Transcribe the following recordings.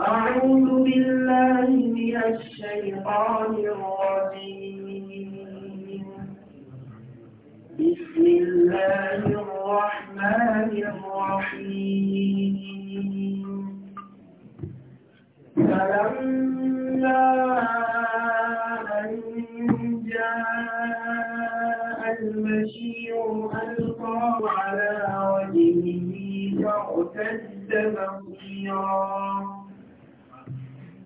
أعوذ بالله من الشيطان الرجيم بسم الله الرحمن الرحيم فلما أن جاء المشير ألقى على وجهه فاعتد بصيرا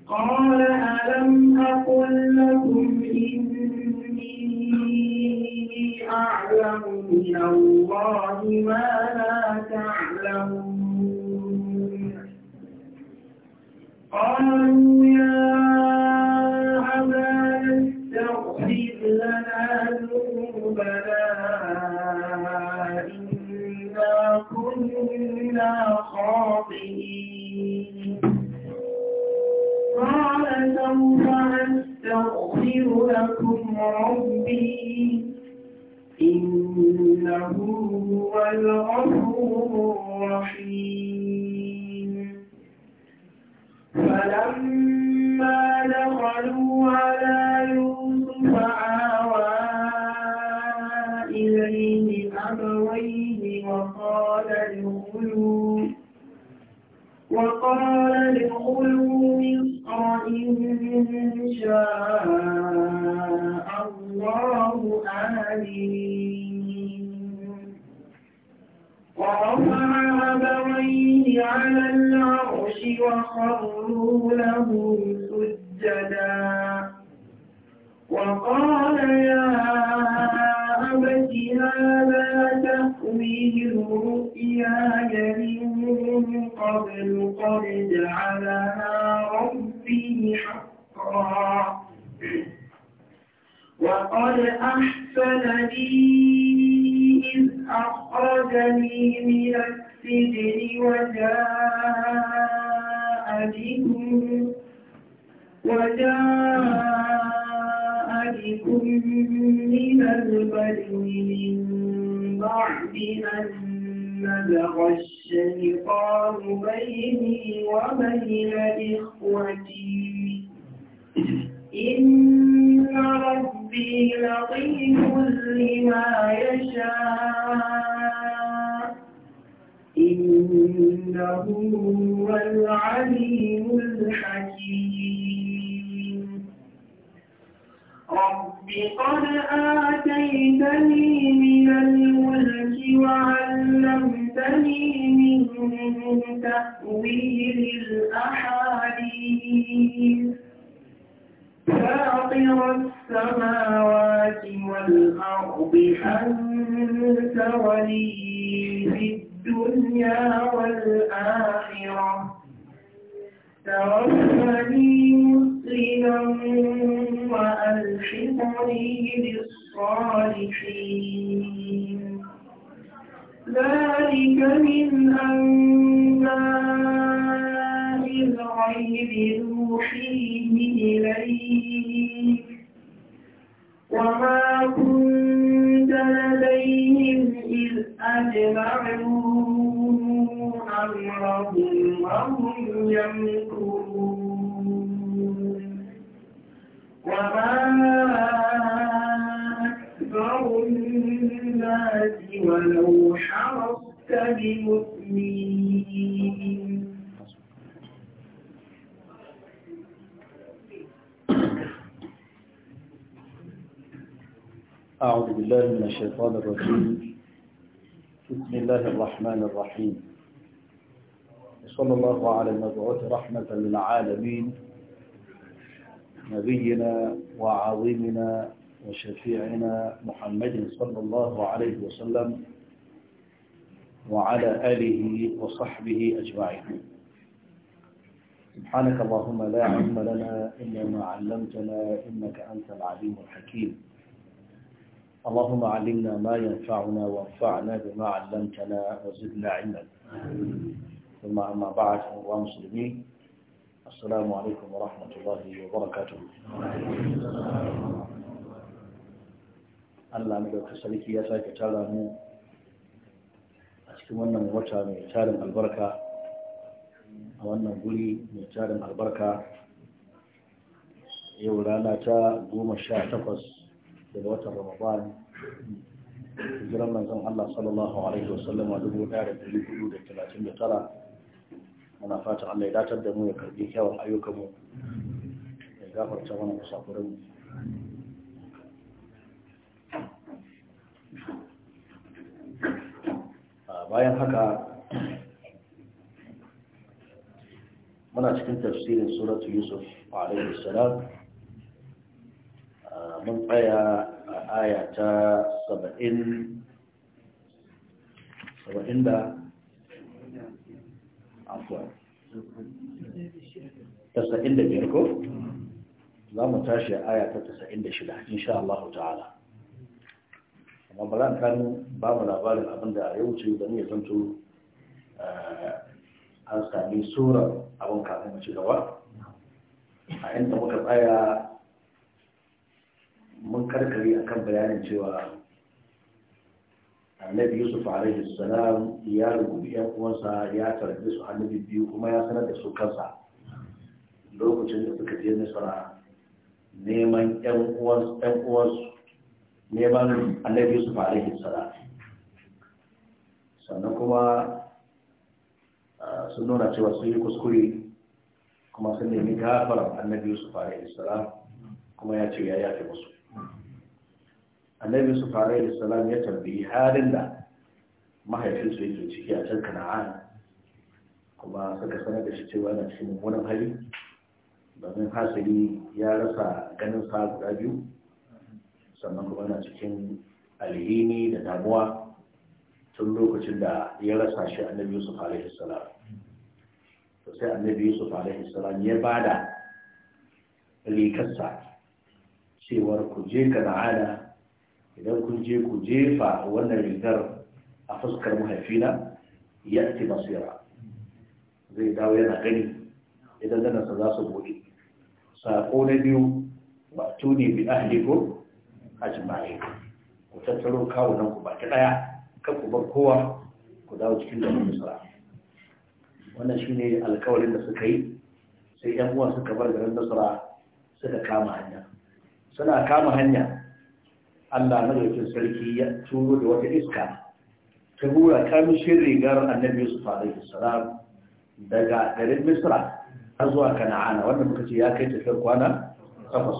قال ألم أقل لكم إني أعلم من الله ما لا تعلمون قالوا يا إلا خاطئين قال سوف لكم ربي إنه هو الغفور الرحيم له سجدا وقال يا أبت هذا تأويل رؤياي من قبل قد جعلها ربي حقا وقد أحسن لي إذ أخرجني من السجن وجاء بكم وجاء بكم من البدو من بعد أن نبغى الشيطان بيني وبين إخوتي إن ربي لطيف لما يشاء إنه هو العليم الحكيم رب قد آتيتني من الملك وعلمتني من تأويل الأحاديث فاطر السماوات والأرض أنت ولي في الدنيا والآخرة توفني مسلما وألحقني بالصالحين ذلك من أنباء الغيب نوحيه إليك وما كنت لديهم إذ أجمعوا وهم وما ولو حرصت بمؤمنين أعوذ بالله من الشيطان الرجيم بسم الله الرحمن الرحيم صلى الله على المبعوث رحمة للعالمين نبينا وعظيمنا وشفيعنا محمد صلى الله عليه وسلم وعلى آله وصحبه أجمعين سبحانك اللهم لا علم لنا إلا ما علمتنا إنك أنت العليم الحكيم اللهم علمنا ما ينفعنا وانفعنا بما علمتنا وزدنا علما ثم أما بعد ومسلمين السلام عليكم ورحمة الله وبركاته الله عليك وكسلك يا سيك تعالى مو أسكم أنه موتى من تعالى البركة أو أنه قولي من تعالى البركة يولانا تا قوم الشاع تقص لبوتى رمضان جرمنا زمان الله صلى الله عليه وسلم ودبو نارد لكل ودك العجم يترى muna fatan Allah ya datar da mu ya karbi kyawun ayyukanmu ya gafarta mana kusakurinmu bayan haka muna cikin tafsirin suratu yusuf a salam mun tsaya a aya ta saba'in da afuwa tasa'in da biyar ko za mu tashi a aya ta tasa'in da shida insha Allah ta'ala amma ba za kanu ba mu labarin abin da ya wuce don ya zanto eh, an sami sura abin kafin ci gaba a inda muka tsaya mun karkare akan bayanin cewa annabi yusuf alaihi salam ya rubuta yan uwansa ya tarbi su annabi biyu kuma ya sanar da su kansa lokacin da suka je nasara neman yan uwansu neman annabi yusuf alaihi salam sannan kuma sun nuna cewa sun yi kuskure kuma sun nemi gafara annabi yusuf alaihi salam kuma ya ce ya yafe musu annabi su fara yi salam ya tambayi halin da mahaifinsu yake ciki a can kana'an kuma suka sanar da shi cewa yana cikin mummunan hali domin hasali ya rasa ganin sa guda biyu sannan kuma yana cikin alhini da damuwa tun lokacin da ya rasa shi annabi yusuf alaihi salam to sai annabi yusuf alaihi salam ya bada rikarsa cewar ku je kana'ana idan kun je ku jefa wannan rigar a fuskar mahaifina ya ce basira zai dawo yana gani idan zanarsa za su buɗe saƙo na biyu ba tuni bi a jima'i ku tattaro nan ku baki ɗaya kan ku bar kowa ku dawo cikin da musa wannan shine alkawarin da suka yi sai yan uwa suka bar garin nasara suka kama hanya suna kama hanya Allah madaukin sarki ya turo da wata iska ta hura kamshin rigar annabi Yusuf da salam daga garin Misra har zuwa Kana'ana wanda muka ce ya kai tafiyar kwana takwas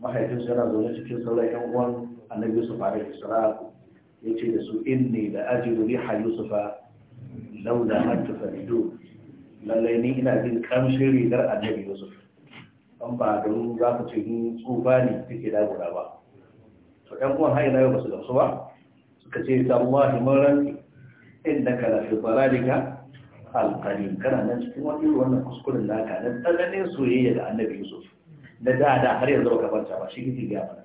mahaifin zo na cikin sauran yan uwan annabi Yusuf da salam ya ce da su inni da ajidu riha Yusufa da an tufaridu lallai ni ina jin kamshin rigar annabi Yusuf an ba don za ka ce ni tsufa ne take dagura ba to ɗan uwan har ina yau ba su gamsu ba suka ce ta Allah mun ranki inda ka lafi balalika alƙalin kana nan cikin wani wannan kuskuren ka na tsananin soyayya da annabi Yusuf da da da har yanzu ka farta ba shi kike ga mana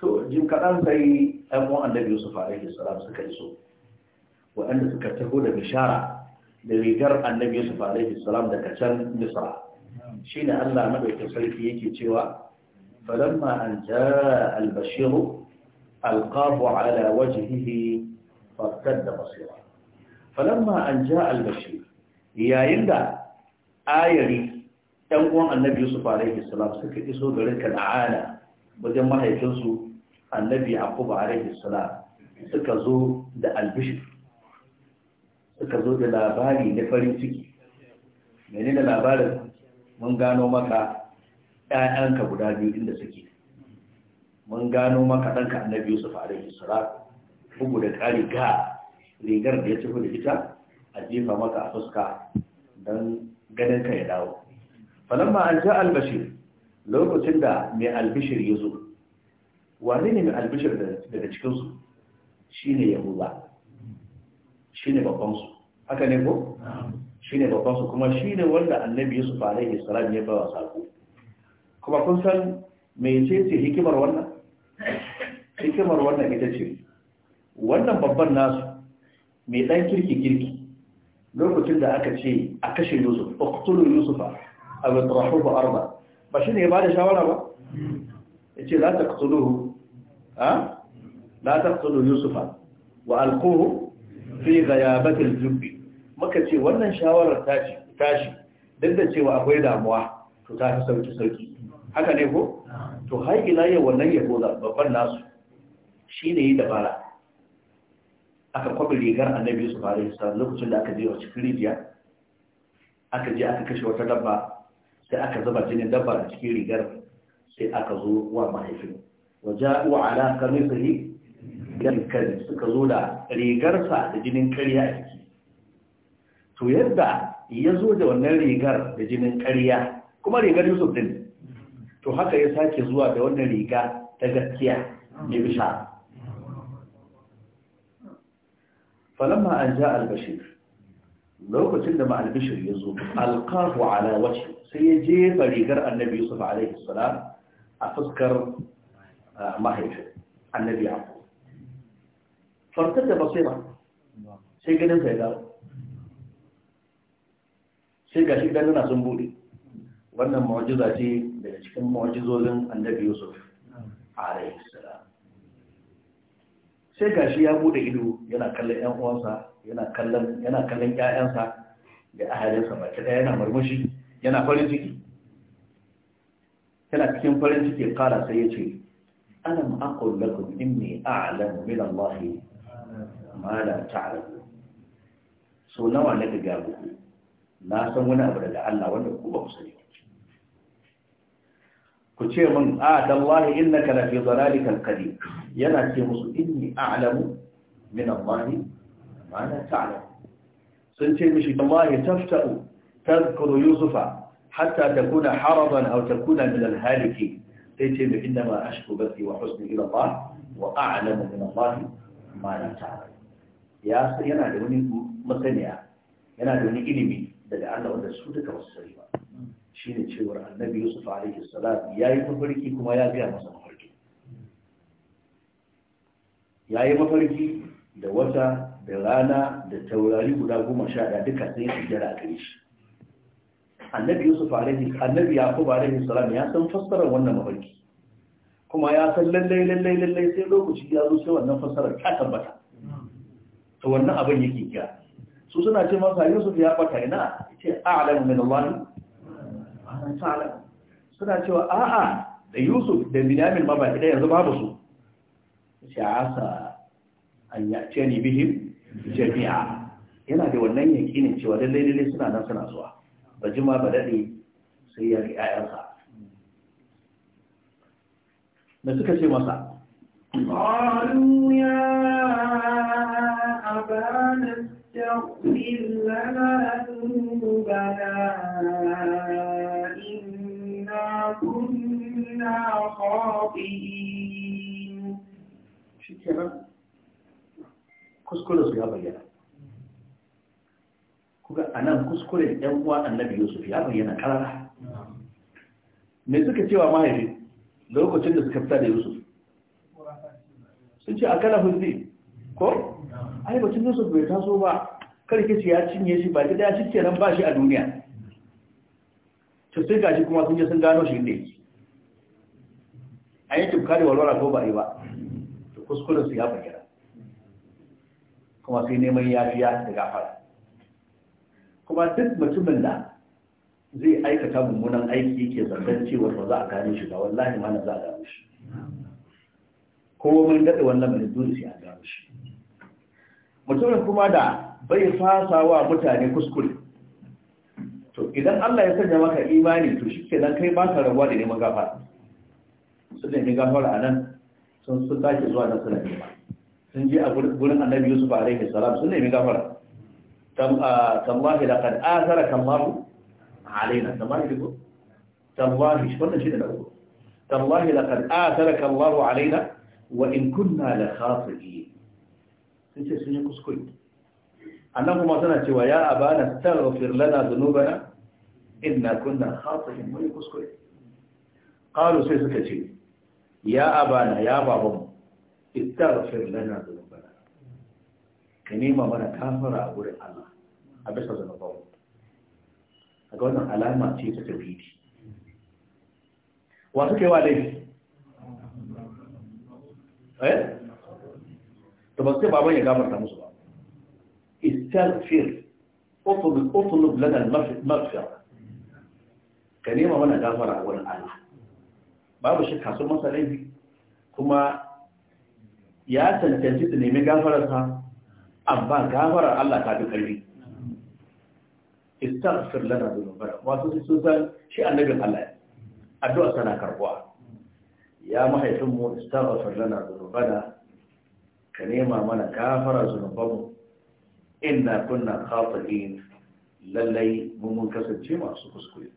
to jim kaɗan sai ɗan uwan annabi Yusuf alaihi salam suka iso waɗanda suka taho da bishara da rigar annabi Yusuf alaihi salam daga can Misra shine Allah madaukakin sarki yake cewa falamma an jaa al-bashir alqahu ala wajhihi fartadda basira falamma an ja al-bashir yayin da ayari ɗan uwan annabi Yusuf alaihi salam suka iso garin Kana'ana wajen mahaifinsu annabi Yaqub alaihi salam suka zo da albishir suka zo da labari na farin ciki menene labarin mun gano maka ‘ya'yanka guda biyu inda suke mun gano maka ɗanka annabi yusuf a rikin sura bugu da ƙari ga rigar da ya ci da ita a jefa maka a fuska don ganin ka ya dawo ma an ja albashir lokacin da mai albishir ya zo wani ne mai albishir daga cikinsu shi ne yahuda shi ne babbansu haka ne ko shine babban su kuma shine wanda annabi yusuf alaihi salam ya bawa sako kuma kun san me mecece hikimar wannan hikimar wannan ita ce wannan babban nasu mai dan kirki kirki lokacin da aka ce a kashe yusuf uqtulu yusufa aw atrahuhu arda ba shine ya bada shawara ba yace la taqtuluhu ha la taqtulu yusufa wa alquhu fi ghayabati al-jubbi muka ce wannan shawarar tashi tashi duk da cewa akwai damuwa to ta fi sauki sauki haka ne ko to har ila yau wannan yabo babban nasu Shi ne yi dabara aka kwabi rigar annabi su fara yi lokacin da aka je wa cikin rijiya aka je aka kashe wata dabba sai aka zuba jinin dabba a cikin rigar sai aka zo wa mahaifin Waje wa ala kamisihi dan kari suka zo da rigarsa da jinin kariya a ciki to yadda ya zo da wannan rigar da jinin ƙarya kuma rigar yusuf din to haka ya sake zuwa da wannan riga ta gaskiya mai bisha falamma an ja albashir lokacin da ma'albishir ya zo alƙahu ala wace sai ya jefa rigar annabi yusuf alaihi a fuskar mahaifin annabi abu fartar da basira sai ganin zai dawo sai gashi ganuna sun bude wannan mu'jiza ce daga cikin mu'jizozin annabi Yusuf a salam sai gashi ya bude ido yana kallon ƴan uwansa yana kallon yana kallon ƴaƴansa da ahalinsa baki daya yana murmushi yana farin ciki yana cikin farin ciki kara sai ya ce alam aqul lakum inni a'lamu min Allah ma la ta'lamun so nawa ne ga muku na san wani abu daga Allah wanda ku ba ku sani ku ce min a ah, tallahi innaka la fi dhalalikal qadim yana ce musu inni a'lamu min Allah ma la ta'lam sun ce mishi tallahi tafta'u tadhkuru yusufa hatta takuna haradan aw takuna min al-halikin sai ce mai inda ma ashku basi wa husni ila Allah wa a'lamu min Allah ma la ta'lam ya yana da wani masaniya yana da wani ilimi daga Allah wanda su duka wasu sani ba shi ne cewar annabi yusuf alaihi salam ya yi mafarki kuma ya gaya masa mafarki ya yi mafarki da wata da rana da taurari guda goma sha da duka sai su jira a gare shi annabi yusuf alaihi annabi yaqub alaihi salam ya san fassara wannan mafarki kuma ya san lallai lallai lallai sai lokaci ya zo sai wannan fassarar ta tabbata to wannan abin yake gyara su suna ce masa yusuf ya bata ina ce a'lamu min Allah ana ta'ala suna cewa a'a da yusuf da binamin ma ba baki yanzu babu su ce asa an ya ce ni bihim jami'a yana da wannan yakinin cewa lallai lallai suna nan suna zuwa ba jima ba dade sai ya ri ayyansa da suka ce masa قالوا يا أبانا ya bayyana kuga a nan kuskuren uwa annabi yusuf ya bayyana karara me suka cewa mahaifi lokacin da suka fita da yusuf sun ce a kana hulzi ko ai batun yusuf bai taso ba karki ce ya cinye shi ba gida ya kenan ba shi a duniya to sai gashi kuma sun je sun gano shi inda yake an yi tumka da walwala ko ba yi ba to kuskuren su ya bayyana kuma sai neman yafiya da gafara kuma duk mutumin da zai aikata mummunan aiki yake zargan cewa ba za a gane shi ba wallahi ma na za a gano shi ko mun daɗe wannan mai dole sai a gano shi mutumin kuma da bai fasa wa mutane kuskure to idan Allah ya sanya maka imani to shi kenan kai ba ka rabuwa da neman gafara sun nemi gafara a nan sun sun tashi zuwa nan suna nema sun je a gurin annabi yusuf alaihi salam sun nemi gafara tallahi laqad athara kallahu alaina tallahi ko shi wannan shi ne na uku tallahi laqad athara kallahu alaina wa in kunna la khati'in yace ce sun yi kuskure annan kuma suna cewa ya abana taghfir lana dhunubana inna kunna khati'in mun kuskure qalu sai suka ce ya abana ya baban istaghfir lana dhunubana kani ma mana kafara a gurin Allah a bisa zanubawa a ga wannan alama ce ta tabbiti wa suke wa laifi eh to ba sai baban ya gafarta musu ba istaghfir utlub utlub lana al-maghfira ka nema mana gafara a wurin Allah babu shi kasu masa laifi kuma ya tantance ta nemi gafararsa amma gafarar Allah ta fi karfi istaghfir lana dhunubana wato sai sun san shi annabi Allah addu'a tana karbuwa ya mahaifinmu istaghfir lana dhunubana ka nema mana kafara zunubanmu inna kunna khati'in lallai mun mun kasance masu kuskure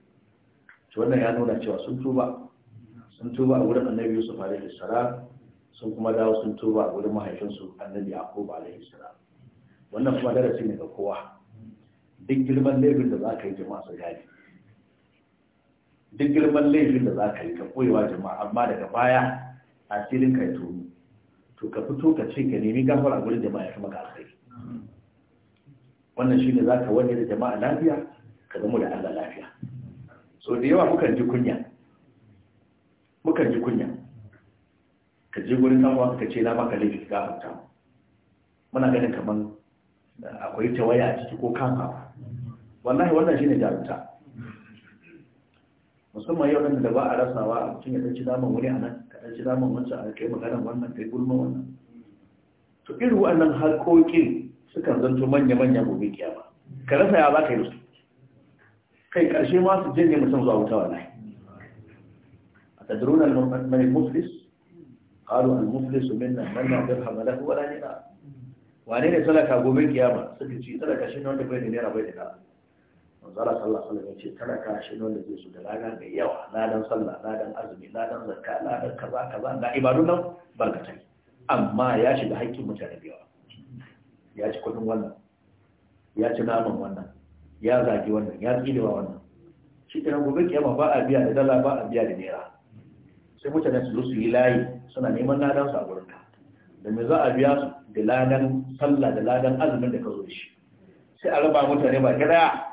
to wannan ya nuna cewa sun tuba sun tuba a wurin annabi Yusuf alaihi salam sun kuma dawo sun tuba a wurin mahaifinsu annabi Yaqub alaihi salam wannan kuma darasi ne ga kowa duk girman laifin da za yi jama'a su gani duk girman laifin da za ka yi ka koyewa jama'a amma daga baya asirin ka ya tuni to ka fito ka ce ka nemi gafara gurin jama'a ya fi maka alkhairi wannan shine za ka wani da jama'a lafiya ka zama da Allah lafiya so da yawa mukan ji kunya mukan ji kunya ka je gurin sanwa ka ce na baka laifi gafarta muna ganin kaman akwai tawaya a ciki ko kafawa wallahi wannan shine jarumta musamman yau nan da ba a rasawa a cikin ya ci zaman wani a nan ka ci zaman wancan a kai maganar wannan kai gulma wannan to irin wannan harkokin suka zanto manya-manya gobe kiyama ka rasa ya baka ka yi su kai karshe ma su janye mutum zuwa wuta wala a tadrun al-mani muflis qalu al-muflis minna man la dirham lahu wala dina wane ne talaka gobe kiyama suka ci talaka shi ne wanda bai da naira bai da naira manzala sallallahu alaihi wasallam ce tana kashi shi wanda zai su da lada da yawa ladan sallah ladan azumi ladan zakka ladan kaza kaza da ibadu nan barkatai amma ya shiga haƙƙin mutane da yawa ya ci kudin wannan ya ci naman wannan ya zagi wannan ya tsidewa wannan shi kenan gobe kiyama ba a biya da dala ba a biya da naira sai mutane su zo su yi layi suna neman ladan su a ka da me za a biya su da ladan sallah da ladan azumin da ka zo da shi sai a raba mutane ba gida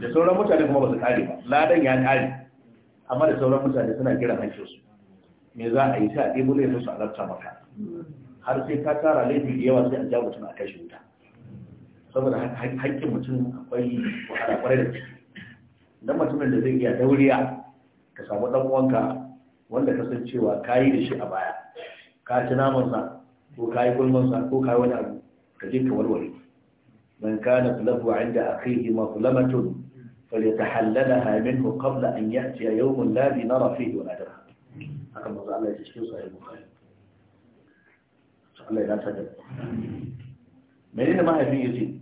da sauran mutane kuma ba su kare ba ladan ya kare amma da sauran mutane suna kiran su me za a yi a ɗebo laifin su lafta maka har sai ka tara laifi da yawa sai a ja mutum a kashe wuta saboda haƙƙin mutum akwai wahala kwarai da ciki dan mutumin da zai iya dauriya ka samu ɗan uwanka wanda ka san cewa ka yi da shi a baya ka ci namansa ko ka yi gulmansa ko ka yi wani abu ka je ka warware من كانت له عند أخيه مظلمة فليتحللها منه قبل أن يأتي يوم لا لنرى فيه ولا أجرها هذا ما على الله يتشكي صحيح البخاري الله لا تجد من ما هي فيه يزيد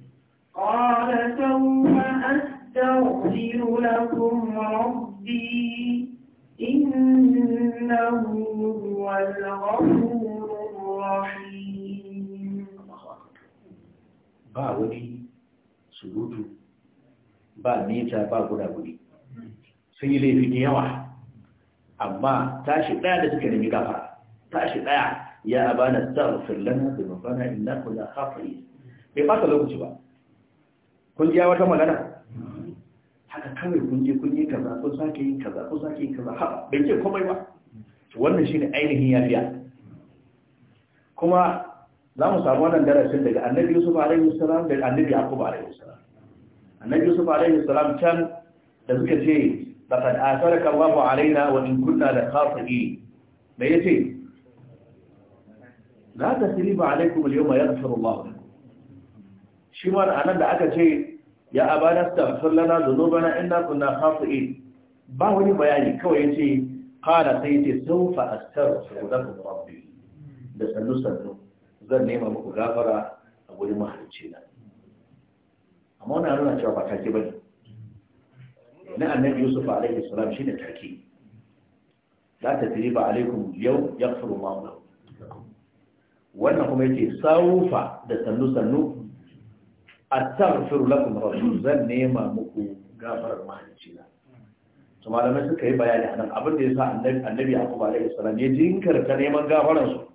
قال سوف أستغفر لكم ربي إنه هو الغفور الرحيم ba wani surutu ba nita ba guda guri sun yi laifin yawa amma tashi ɗaya da suka nemi gafara tashi ɗaya ya abana tsarfin lana da mafana inna kula hafari bai fata lokaci ba kun ji wata magana haka kawai kun je kun yi kaza kun sake yi kaza kun sake yi kaza ha bai ce komai ba wannan shi ne ainihin yafiya kuma za mu samu wannan darasin daga annabi yusuf alaihi salam da annabi yaqub alaihi salam annabi yusuf alaihi salam can da suka ce laqad atharaka Allahu alaina wa in kunna la khati'in me yace la tasriba alaikum al-yawma yaghfiru Allah shi ma anan da aka ce ya abana astaghfir lana dhunubana inna kunna khati'in ba wani bayani kawai yace qala sayyidi sawfa astaghfiru lakum rabbi da sallu sallu zan nema muku gafara a wurin mahalicci na amma wani nuna cewa ba take ne. na annabi yusuf alaihi salam shine take la ba alaikum yau yaghfiru ma lakum wannan kuma yake saufa da sannu sannu rula lakum rabbi zan nema muku gafarar mahalicci na to malamai suka yi bayani anan abin da yasa annabi annabi yaqub alaihi salam ya jinkirta neman gafaran su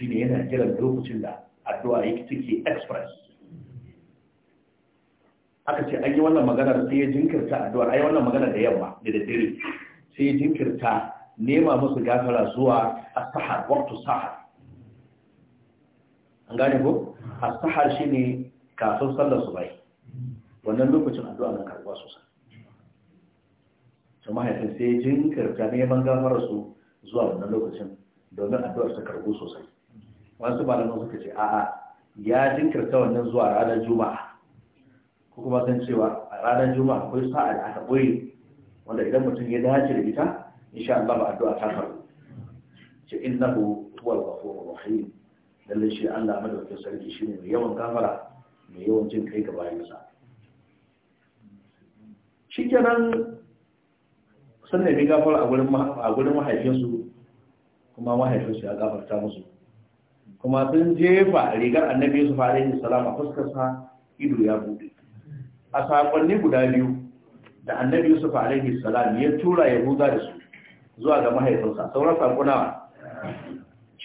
ne yana jiran lokacin da addu'a yake take express aka ce an yi wannan magana sai ya jinkirta addu'a ai wannan magana da yamma da daddare sai ya jinkirta nema musu gafara zuwa as-sahar waqtu sahar an gane ko as-sahar ne kafin sallar subai wannan lokacin addu'a na karuwa sosai to mahaifin sai ya jinkirta neman gafara su zuwa wannan lokacin domin addu'ar ta karbu sosai wasu nan suka ce a'a ya jinkirta wannan zuwa ranar juma'a ko kuma san cewa a ranar juma'a akwai sa'a da aka boye wanda idan mutum ya dace da ita insha Allah addu'a ta faru ce innahu huwal ghafurur rahim lalle shi Allah madaukakin sarki shine mai yawan gafara mai yawan jin kai ga bayansa shikenan sun nemi gafara a gurin mahaifinsu kuma mahaifinsu ya gafarta musu kuma sun jefa rigar annabi yusuf yin salam a fuskarsa ido ya bude a sakonni guda biyu da annabi yusuf yin salam ya tura ya huza da su zuwa ga mahaifinsa sauran sakuna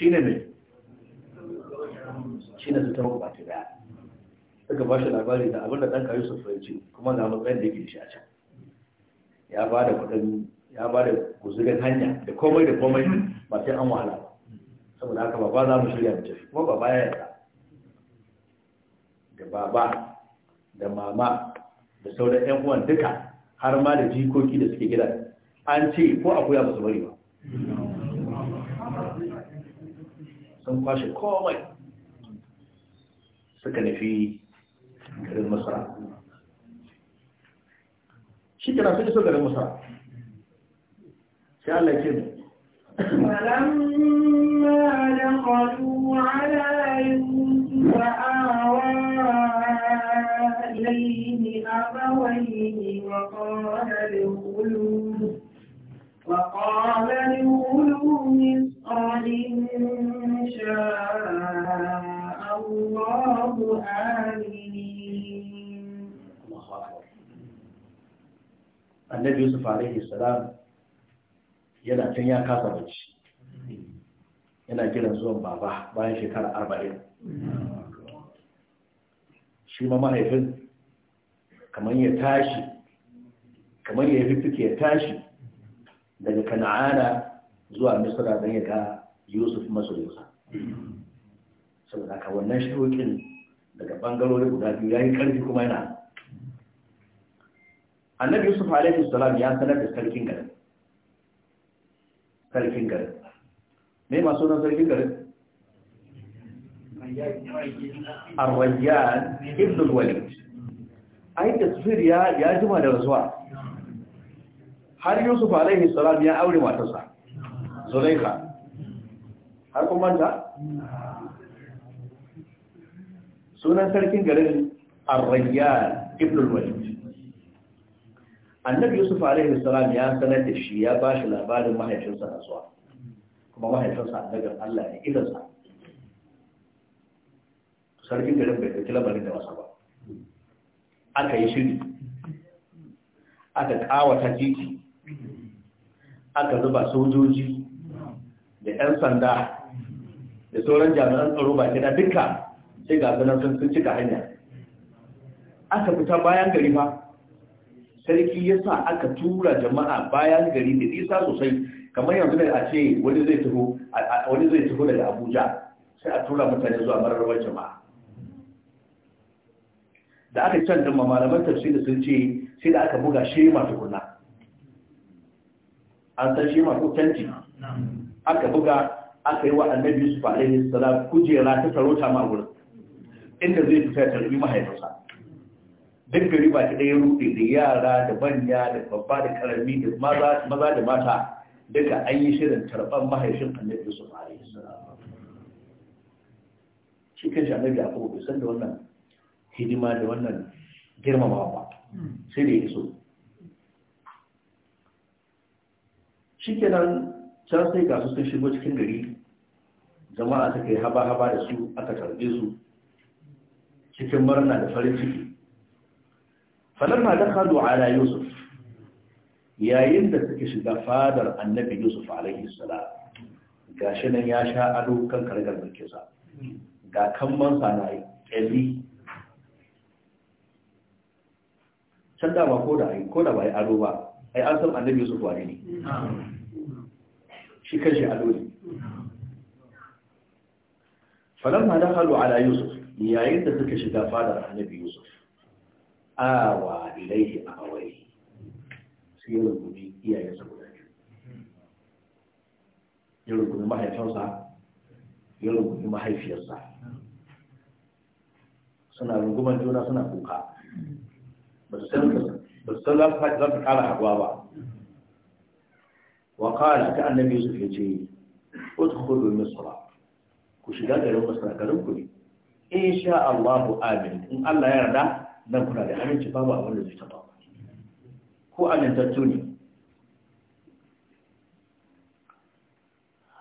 ne mai ne su ta hukuma ta daya suka ba shi labari da abinda ɗanka yusuf ya ce kuma na matsayin da ke shi a can ya ba da kudin ya ba da hanya da komai da komai ba sai an wahala saboda haka baba za mu shirya mu tafi kuma baba ya yarda da baba da mama da sauran yan uwan duka har ma da jikoki da suke gida an ce ko akuya ba su bari ba sun kwashe komai suka nufi garin masara shi kira sun iso garin masara sai Allah ke فلما دخلوا على يوسف آوى إليه أبويه وقال ادخلوا وقال ادخلوا مصر إن شاء الله آمنين النبي يوسف عليه السلام yana can ya kasa bacci yana kiran zuwan baba bayan shekara arba'in shi ma mahaifin kamar ya tashi kamar ya fiffike ya tashi daga kana'ana zuwa Misira don ya ga yusuf masoyinsa saboda ka wannan shirokin daga bangarori guda biyu ya yi karfi kuma yana annabi yusuf alaihi salam ya sanar da sarkin garin sarkin garin me ma sunan sarkin garin arwayyan ibn al-walid ai tasfir ya ya jima da rasuwa har yusuf alaihi salam ya aure matarsa zulaikha har kuma manta sunan sarkin garin arwayyan ibn al-walid annabi yusuf alaihi salam ya sanar da shi ya ba shi labarin mahaifinsa na zuwa kuma mahaifinsa annabin allah ne idansa sarkin garin bai ɗauki labarin da wasa ba aka yi shiri aka ƙawata titi aka zuba sojoji da 'yan sanda da sauran jami'an tsaro ba gida duka sai ga sun cika hanya aka fita bayan gari ba sarki ya sa aka tura jama'a bayan gari da isa sosai kamar yanzu ne a ce wani zai taho wani zai taho daga abuja sai a tura mutane zuwa mararwar jama'a da aka can da malaman tafsiri sun ce sai da aka buga shema tukuna an san ma ko canji aka buga aka yi wa annabi yusuf alaihi salam kujera ta sarauta ma wurin inda zai fita ta rubi mahaifinsa duk gari ba ta ɗaya rufe da yara da manya da babba da karami da maza da mata duka an yi shirin tarban mahaifin annabi yusuf alaihi salam shi kan shi annabi yakubu bai san da wannan hidima da wannan girmamawa ba sai da ya so shi kenan can sai ga sun shigo cikin gari jama'a suka yi haba-haba da su aka tarbe su cikin murna da farin ciki falamma dakhalu ala yusuf yayin da suka shiga fadar annabi yusuf alaihi salam gashi nan ya sha ado kan kargar mulkin ga kamman sa na ƙyalli can da ba ko da ai ko da ba ai ado ba ai an san annabi yusuf wani ne shi kanshi ado ne falamma dakhalu ala yusuf yayin da suka shiga fadar annabi yusuf awa ilaihi abawai sai ya rungumi iyayensa guda biyu ya rungumi mahaifinsa ya rungumi mahaifiyarsa suna rungumar juna suna kuka ba su san za su kara haɗuwa ba wa kara ta annabi su ya ce kudu misra ku shiga garin masar garin ku ne in sha Allah ku amin in Allah ya yarda nan kuna da aminci babu abin da zai taba ko amintattu ne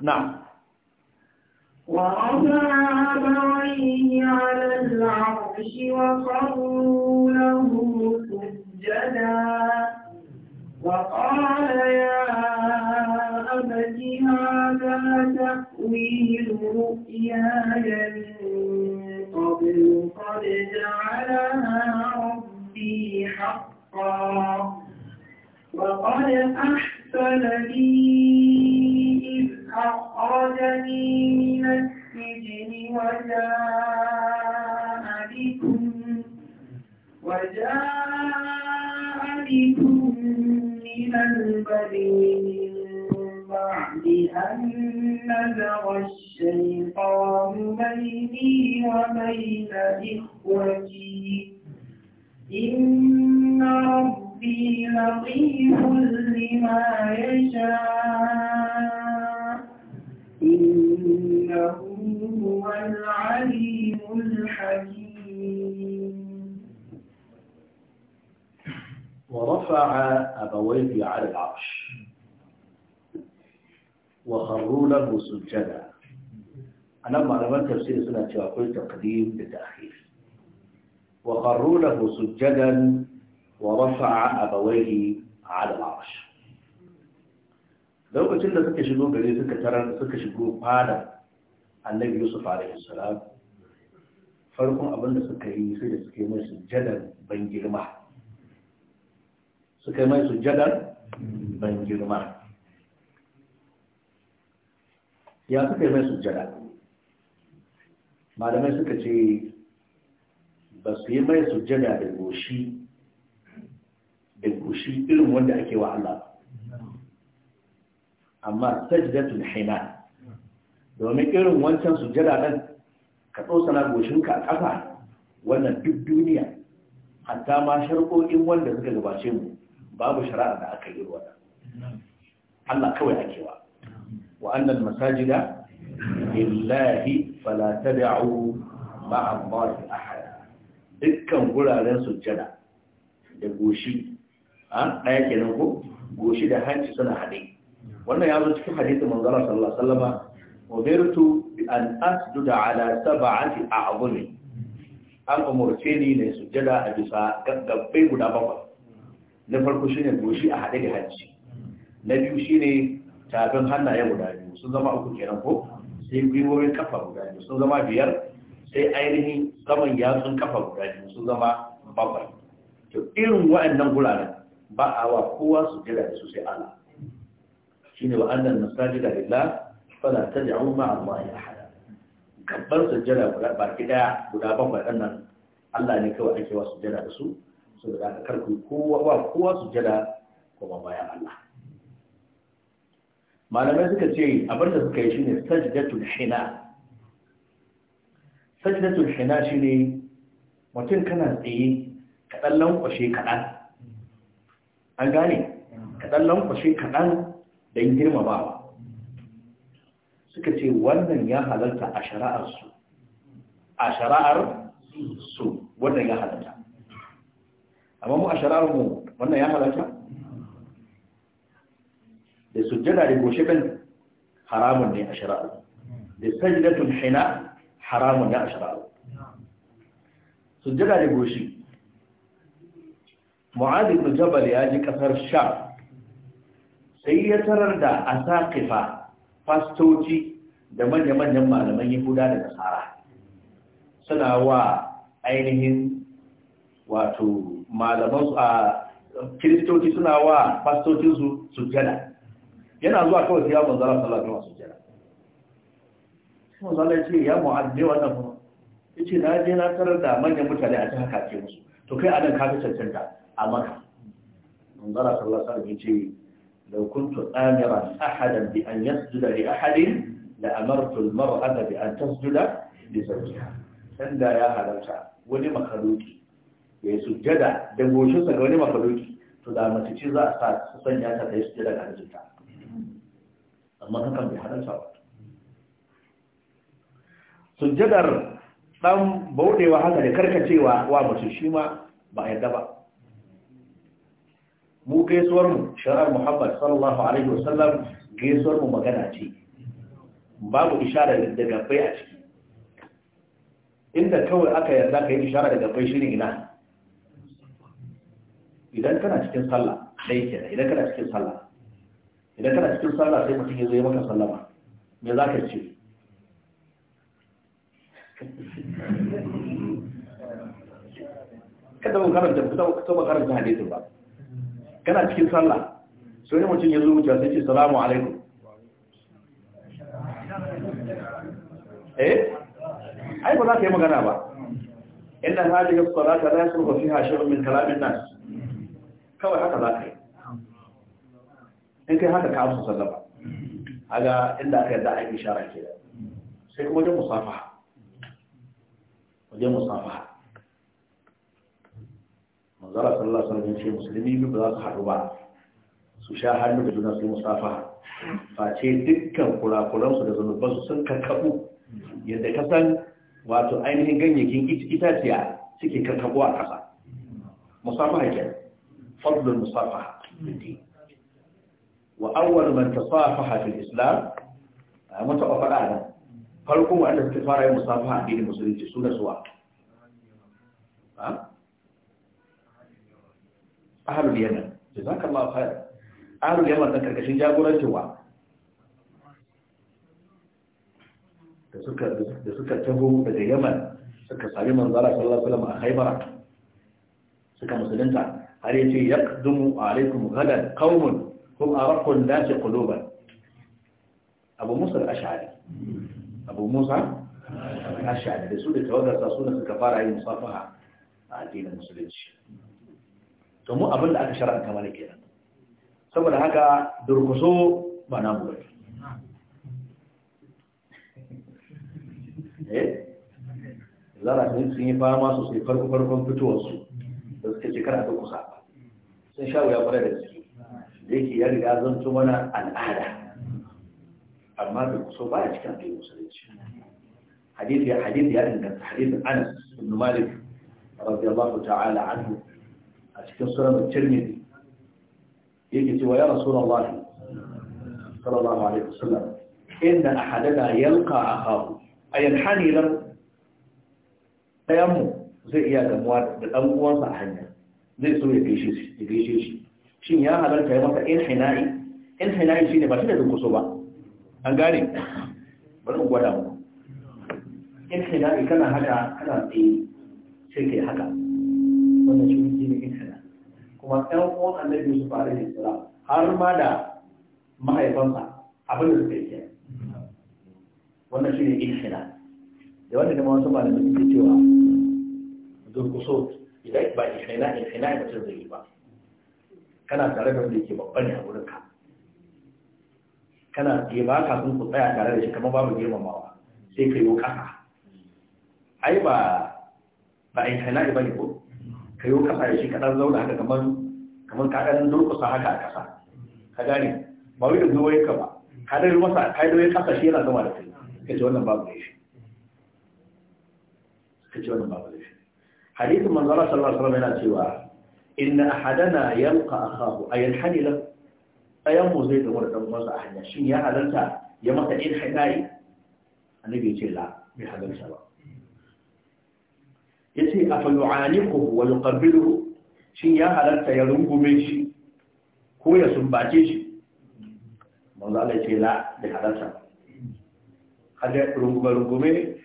na وَأَضْنَا عَبَرَيْهِ عَلَى الْعَرْشِ وَقَرُّوا لَهُ سُجَّدًا وَقَالَ يَا أَبَتِ هَذَا تَأْوِيلُ رُؤْيَايَ مِنْ قبل قد جعلها ربي حقا وقد أحسن لي إذ أخرجني من السجن وجاء بكم وجاء بكم من البر من لأن أن نزغ الشيطان بيني وبين إخوتي إن ربي لطيف لما يشاء إنه هو العليم الحكيم ورفع أبويه على العرش wa kharru lahu anan malaman tafsiri suna cewa akwai taqdim da ta'khir wa kharru lahu sujjadan wa rafa'a abawayhi 'ala al-'arsh lokacin da suka shigo gari suka tarar suka shigo fada annabi yusuf alaihi salam farkon abin da suka yi sai da suka yi mai sujjadar ban girma suka yi mai ban girma ya suka yi mai sujjada malamai suka ce ba su yi mai sujjada da goshi da goshi irin wanda ake wa Allah amma sajdatul haina domin irin wancan sujjada ɗan ka tsosana goshinka a ƙasa wannan duk duniya hatta ma sharƙoƙin wanda suka gabace mu babu shara'a da aka yi ruwa Allah kawai ake wa وأن المساجد لله فلا تدعوا مع الله أحد إذن قول عليهم سجدة يقوشي آية كنوك قوشي ده هاتش سنة حديث وأن يعرض في حديث من ذلك صلى الله عليه وسلم وبرت بأن أسجد على سبعة أعظم أن أمرتيني لسجدة أجساء قبيب دابا نفرق شيني قوشي أحد يحجي نبيو شيني tafin hannaye guda biyu sun zama uku kenan ko sai gwiwoyin kafa guda biyu sun zama biyar sai ainihin saman yatsun kafa guda biyu sun zama bakwai to irin wa'annan guraren ba a wa kowa su jira da su sai Allah shine wa annal masajida lillah fala tad'u ma'a allahi ahada gabbar jira guda baki daya guda bakwai dan nan Allah ne kawai ake wa jira da su saboda haka karku kowa ba kowa sujjada kuma bayan Allah malamai suka ce abinda suka yi shine sajdatul hina sajdatul hina shine mutum kana tsaye ka dan lankwashe kaɗan an gane ka dan lankwashe kaɗan don girmamawa suka ce wannan ya halarta a shara'ar su a shara'ar su wannan ya halarta amma mu a shari'ar mu wannan ya halarta da sujjada da goshe ɗin haramun ne a shari'a da sajdatun hina haramun ne a shari'a sujjada da goshe mu'adh ibn jabal ya ji kasar sha sai ya tarar da asaqifa fastoci da manya-manyan malaman yahuda da nasara suna wa ainihin wato su a kiristoci suna wa fastocinsu sujjada yana zuwa kawai sai ya manzo Allah sallallahu alaihi wasallam sujjada sai manzo ya ce ya mu'addi wannan kuma yace na je na tarar da manyan mutane a cikin kace musu to kai anan ka fi cancanta a maka manzo Allah sallallahu alaihi wasallam ya ce لو كنت آمرا أحدا بأن يسجد لأحد لأمرت المرأة بأن تسجد لزوجها عند يا هلمسا ولي مخلوقي يسجد دموشسا ولي مخلوقي تدامتي تشيزا أساس سنياتا تسجد لأنزلتا amma hakan bai halarta ba sujjadar dan bauɗewa haka da karkacewa wa mutum shi ma ba yadda ba mu gaisuwar mu sharar muhammad sallallahu alaihi wasallam gaisuwar mu magana ce babu isharar da gabbai a ciki inda kawai aka yarda ka yi isharar da gabbai ne ina idan kana cikin sallah dai kenan idan kana cikin sallah idan kana cikin sallah sai mutum ya zo ya maka sallama me za ka ce kada mun karanta ku ta ba karanta hadisin ba kana cikin sallah sai ne mutum ya zo mutum sai ce assalamu alaikum eh ai ba za ka yi magana ba inna hadhihi as-salata la yasrufu fiha shay'un min kalamin nas kawai haka za ka yi in kai haka ka amsa sallama a ga inda aka yadda aiki shara ke ke sai kuma wajen musafaha wajen musafaha manzara sallallahu alaihi wasallam ce musulmi ba za su haɗu ba su sha hannu da juna su musafaha face dukkan kurakuransu da su sun kakkabu yadda ka san wato ainihin ganyayyakin itaciya suke kakkabu a ƙasa musafaha ke fadlul musafaha وأول من تصافح في الإسلام آه، متوفى الآن فالكم أن التفارة المصافحة عن دين المسلمين في سورة سواء آه؟ أهل اليمن جزاك الله خير أهل اليمن ذكر كشين جاءوا لا جوا تسكر suka tabo daga yaman suka sami manzara sallallahu alaihi wasallam a khaybara suka musulunta har yace yaqdumu alaikum ghadan qaumun hum arqun nasi quluban abu musa al-ash'ari abu musa al-ash'ari da su da tawagarsa suna suka fara yin musafaha a addinin musulunci to mu abin da aka shar'anta mana kenan saboda haka durkuso ba na mu eh zara sun sun yi fama sosai farko farkon fitowarsu da kar a durkusa sun sha wuya kwarai da gaske da yake ya riga zanto mana al'ada amma da kuso ba cikin addinin musulunci hadisi ya hadith ya inganta hadith Anas ibn Malik radiyallahu ta'ala anhu a cikin sunan Tirmidhi yake cewa ya Rasulullah sallallahu alaihi wasallam inda ahadana yalqa akahu ayanhani lahu tayammu zai iya gamuwa da dan uwansa a hanya zai so ya gaishe shi shin ya halarta ya masa inhina'i shi shine ba shi da dunkuso ba an gane bari mu gwada mu inhina'i kana haka kana tsaye sai haka wannan shi ne ne inhina'i kuma ɗan uwan annabi fara ne salam har ma da mahaifansa abin da suka yi wannan shi ne inhina'i da wanda da wasu malamai suke cewa durkuso idan ba inhina'i inhina'i mutum zai yi ba kana tare da wanda yake babba ne a wurin ka kana ke ba ka sun ku tsaya tare da shi kamar babu girmamawa sai ka yi kasa ai ba ba ai kana ba ne ko ka yi kasa da shi ka dan zauna haka kamar kamar ka dan durkusa haka a kasa ka gane ba wai da zuwa ka ba ka dai masa kai dai kasa shi yana zama da kai ka ce wannan babu shi ka ce wannan babu shi hadisin manzara sallallahu alaihi wasallam yana cewa inna ahadana yalqa akahu ayan hanila ayan mu zai gamu da dan uwansa a hanya shin ya halarta ya masa in hadai annabi ya ce la bai halarta ba yace afa yu'aniquhu wa yuqabbiluhu shin ya halarta ya rungume shi ko ya sumbace shi manzo Allah ya ce la bai halarta kaga rungume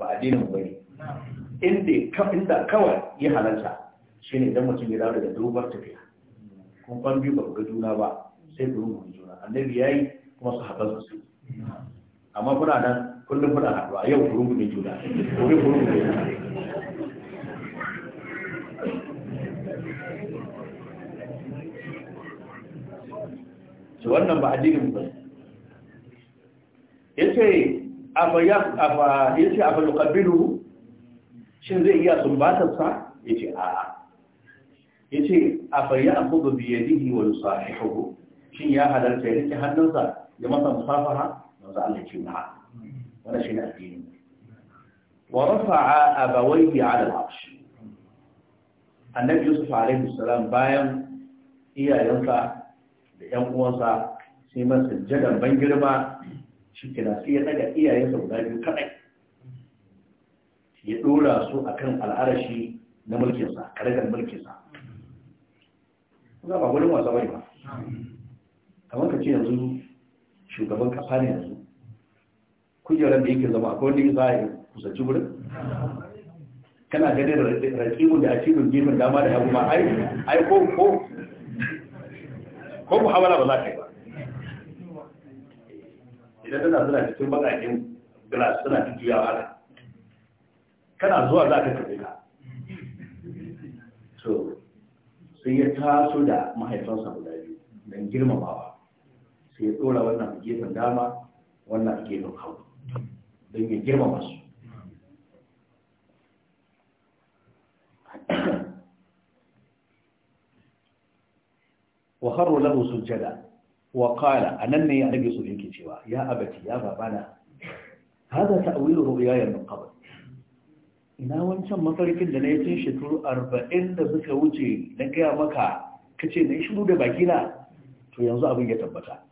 ba addinin bane inda inda kawai ya halarta shi ne idan mutum ya dawo daga dubar tafiya kun kwan biyu ba ku ga juna ba sai ku rungu juna annabi ya kuma su haɓar su amma kuna nan kullum kuna haɗuwa yau ku rungu juna ku rungu juna to wannan ba addinin ba yace afa ya afa yace afa yuqabbilu shin zai iya sumbatar sa yace a'a ce a bayya akhudhu bi yadihi wa yusahihu shin ya halarta ya rike hannunsa ya masa musafaha manzo Allah ce na wannan shine addini wa rafa'a abawayhi 'ala al annabi Yusuf alaihi salam bayan iyayensa da 'yan uwansa sai masa sujjadan ban girma shi kira sai ya daga iyayensa guda biyu kadai ya dora su akan al'arashi na mulkinsa karagar mulkinsa kuma ba gudun wasa bane ba kamar ka ce yanzu shugaban kasa ne yanzu kujerar da yake zama akwai wani za a kusanci wurin kana ganin rakimun da akidun gefen dama da yawon ma ai ko ko ko muhawala ba za ka yi ba idan tana suna cikin bakakin glass suna ta juya haka kana zuwa za ka kafe ka sai ya taso da mahaifansa guda biyu don girmamawa sai ya ɗora wannan a gefen dama wannan a gefen hagu don ya girmama su wa harro lahu sujjada wa qala anan ne ya rage su yake cewa ya abati ya babana hada ta'wilu ya min qabl ina wancan mafarkin da na yi tun shekaru arba'in da suka wuce na gaya maka ka ce na yi shiru da bakina to yanzu abin ya tabbata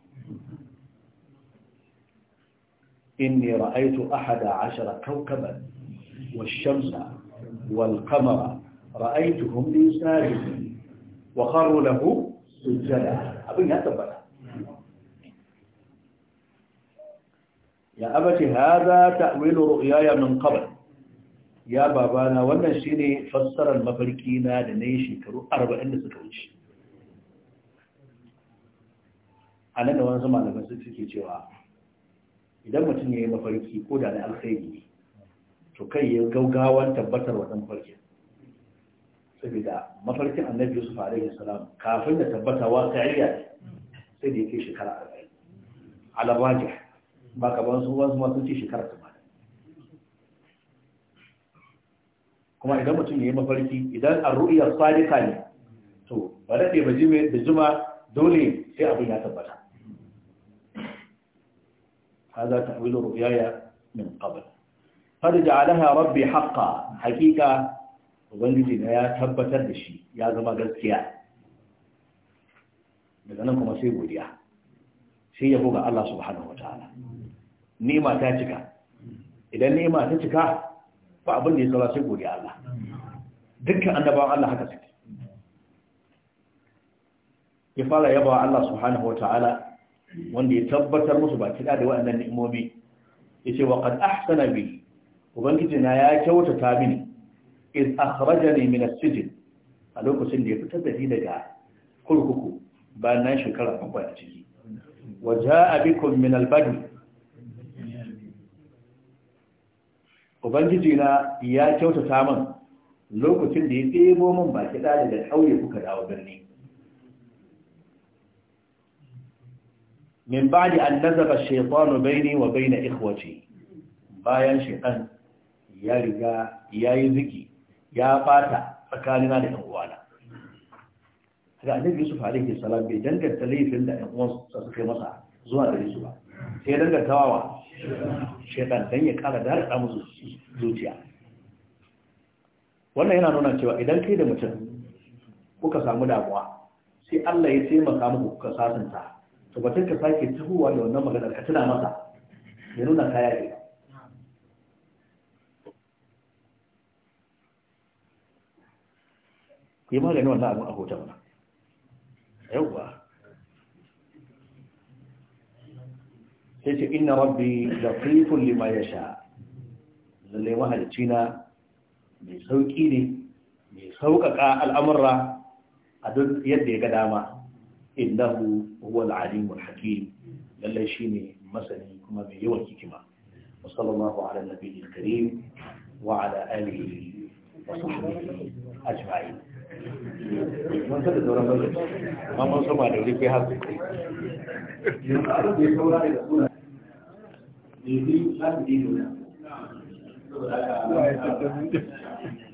inni ra'aitu ahada ashara kawkaban wash-shamsa wal-qamara ra'aituhum li sajidin wa kharru lahu sujada abin ya tabbata ya abati hadha ta'wilu ru'yaya min qabl ya babana wannan shi ne fassarar mafarki na da na yi shekaru arba'in da suka wuce a nan da zama da masu suke cewa idan mutum ya yi mafarki ko da na alkhairi ne to kai ya gaugawan tabbatar wa mafarkin saboda mafarkin annabi yusuf alaihi salam kafin da tabbata wa kariya sai da yake shekara arba'in alabajih ba ka ban su wasu masu ce shekara ta kuma idan mutum ya yi mafarki idan a ru'iyar sadika ne to ba daɗe ba da jima dole sai abin ya tabbata Ha za ta هذا min رؤياي من قبل قد جعلها haƙiƙa حقا حقيقة ya tabbatar da shi ya زما gaskiya daga nan kuma sai godiya sai yabo ga Allah subhanahu ta'ala. ni'ima ta cika idan ni'ima ta cika ba abin da ya saura sai godiya Allah dukkan annabawan Allah haka suke ya fara yaba wa Allah subhanahu wataala wanda ya tabbatar musu ba kida da waɗannan ni'imomi yace wa qad ahsana bi ubangiji na ya kyautata mini iz akhrajani min as-sijn a lokacin da ya fitar da ni daga kurkuku bayan na shekara bakwai a ciki wa jaa bikum min al ubangiji na ya kyautata min lokacin da ya tsebo min baki ɗaya da ƙauye kuka dawo birni min ba da an nazaba shekwano baini wa baina ikhwaci bayan shekan ya riga ya yi ziki ya fata tsakanina da uwana. ga annabi yusuf alaihi salam bai danganta laifin da ɗan uwansa suka masa zuwa da yusuf ba sai dangar tawawa shaitan don ya kara da harɗa musu zuciya wannan yana nuna cewa idan kai da mutum kuka samu damuwa sai Allah ya taimaka muku kuka sasanta to batun ka sake tuhuwa da wannan maganar ka tuna masa ya nuna kaya ne ku yi magani wannan abin a hoton yauwa sai ce inna rabbi latifun lima sha. lalle mahalicci na mai sauƙi ne mai sauƙaƙa al'amurra a duk yadda ya ga dama innahu huwa al-alimul hakim shi ne masani kuma mai yawan hikima wa sallallahu ala nabiyil karim wa ala alihi wa sahbihi ajma'in mun san da sauran bayyana amma mun soma da wuri kai har su kai yanzu a da sauran da suna ne biyu za dina